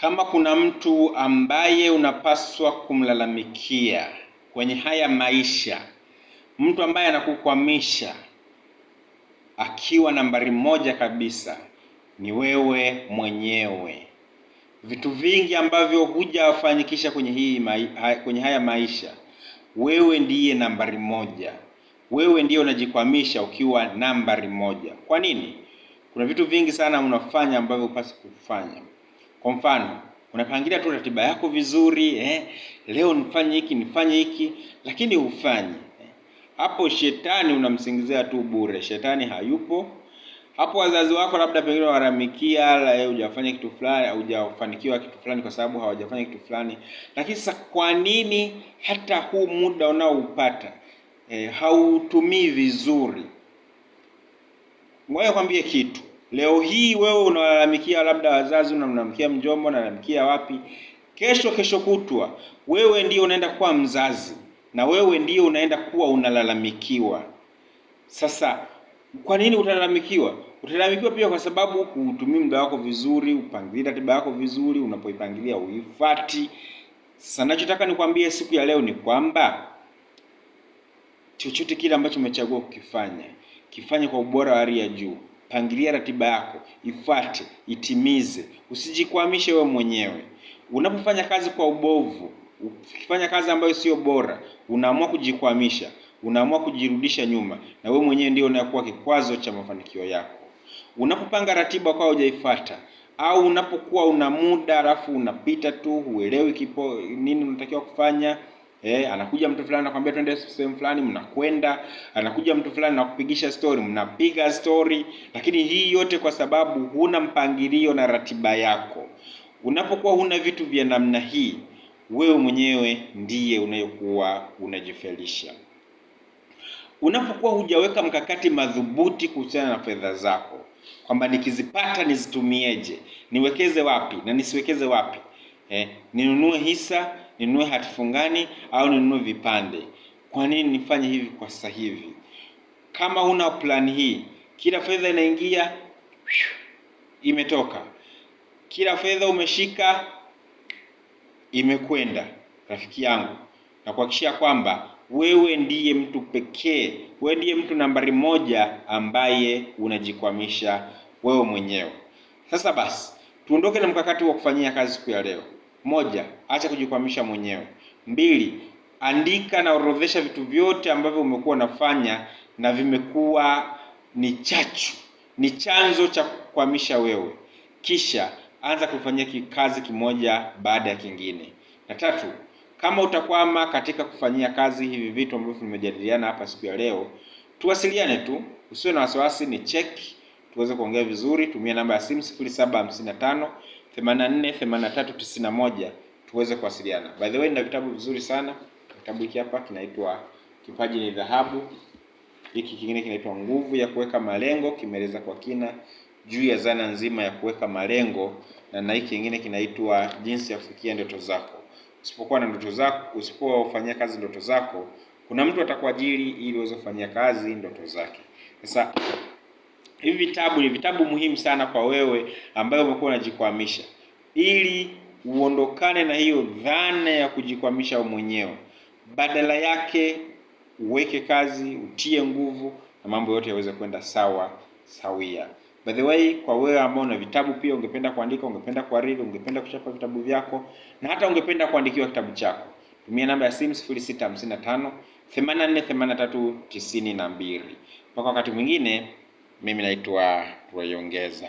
Kama kuna mtu ambaye unapaswa kumlalamikia kwenye haya maisha, mtu ambaye anakukwamisha akiwa nambari moja kabisa ni wewe mwenyewe. Vitu vingi ambavyo hujafanikisha kwenye hii kwenye haya maisha, wewe ndiye nambari moja. Wewe ndiye unajikwamisha ukiwa nambari moja. Kwa nini? Kuna vitu vingi sana unafanya ambavyo hupasi kufanya. Kwa mfano unapangilia tu ratiba yako vizuri eh, leo nifanye hiki nifanye hiki, lakini hufanyi eh. Hapo shetani unamsingizia tu bure, shetani hayupo hapo. Wazazi wako labda pengine waramikia la eh, hujafanya kitu fulani, hujafanikiwa kitu fulani kwa sababu hawajafanya kitu fulani. Lakini sasa kwa nini hata huu muda unaoupata eh, hautumii vizuri? Ngoja kwambie kitu Leo hii wewe unawalalamikia labda wazazi, unamlalamikia mjomba, unalalamikia wapi, kesho kesho kutwa wewe ndio unaenda kuwa mzazi na wewe ndio unaenda kuwa unalalamikiwa. Sasa kwa nini utalalamikiwa? Utalalamikiwa pia kwa sababu hukutumii muda wako vizuri, upangilii ratiba yako vizuri, unapoipangilia uifati. Sasa nachotaka nikwambie siku ya leo ni kwamba chochote kile ambacho umechagua kukifanya, kifanye kwa ubora wa hali ya juu pangilia ratiba yako, ifate, itimize, usijikwamishe wewe mwenyewe. Unapofanya kazi kwa ubovu, ukifanya kazi ambayo sio bora, unaamua kujikwamisha, unaamua kujirudisha nyuma, na wewe mwenyewe ndio unayokuwa kikwazo cha mafanikio yako. Unapopanga ratiba kwa hujaifuata au unapokuwa una muda alafu unapita tu, huelewi kipo nini unatakiwa kufanya. Eh, anakuja mtu fulani anakwambia twende sehemu fulani, mnakwenda. Anakuja mtu fulani kupigisha story, mnapiga story, lakini hii yote kwa sababu huna mpangilio na ratiba yako. Unapokuwa huna vitu vya namna hii, wewe mwenyewe ndiye unayokuwa unajifelisha. Unapokuwa hujaweka mkakati madhubuti kuhusiana na fedha zako, kwamba nikizipata nizitumieje, niwekeze wapi na nisiwekeze wapi, eh, ninunue hisa ninunue hatifungani au ninunue vipande. Kwa nini nifanye hivi kwa sasa hivi? Kama una plani hii, kila fedha inaingia imetoka, kila fedha umeshika imekwenda. Rafiki yangu, na kuhakikishia kwamba wewe ndiye mtu pekee, wewe ndiye mtu nambari moja ambaye unajikwamisha wewe mwenyewe. Sasa basi, tuondoke na mkakati wa kufanyia kazi siku ya leo. Moja, acha kujikwamisha mwenyewe. Mbili, andika na orodhesha vitu vyote ambavyo umekuwa unafanya na vimekuwa ni chachu, ni chanzo cha kukwamisha wewe, kisha anza kufanyia kazi kimoja baada ya kingine. Na tatu, kama utakwama katika kufanyia kazi hivi vitu ambavyo tumejadiliana hapa siku ya leo, tuwasiliane tu, usiwe na wasiwasi, ni check tuweze kuongea vizuri. Tumia namba ya simu 84 tuweze kuwasiliana. By the way, nina vitabu vizuri sana. Kitabu hiki hapa kinaitwa Kipaji ni Dhahabu. Hiki kingine kinaitwa Nguvu ya Kuweka Malengo, kimeeleza kwa kina juu ya zana nzima ya kuweka malengo, na na hiki kingine kinaitwa Jinsi ya Kufikia Ndoto Zako. Usipokuwa na ndoto zako, usipofanyia kazi ndoto zako, kuna mtu atakuajiri ili uweze kufanyia kazi ndoto zake. Sasa Hivi vitabu ni vitabu muhimu sana kwa wewe ambaye umekuwa unajikwamisha, ili uondokane na hiyo dhana ya kujikwamisha wewe mwenyewe. Badala yake uweke kazi, utie nguvu, na mambo yote yaweze kwenda sawa sawia. By the way, kwa wewe ambao una vitabu pia ungependa kuandika, ungependa kuhariri, ungependa kuchapa vitabu vyako na hata ungependa kuandikiwa kitabu chako, tumia namba ya simu 0655 92. Mpaka wakati mwingine. Mimi naitwa Rweyongeza.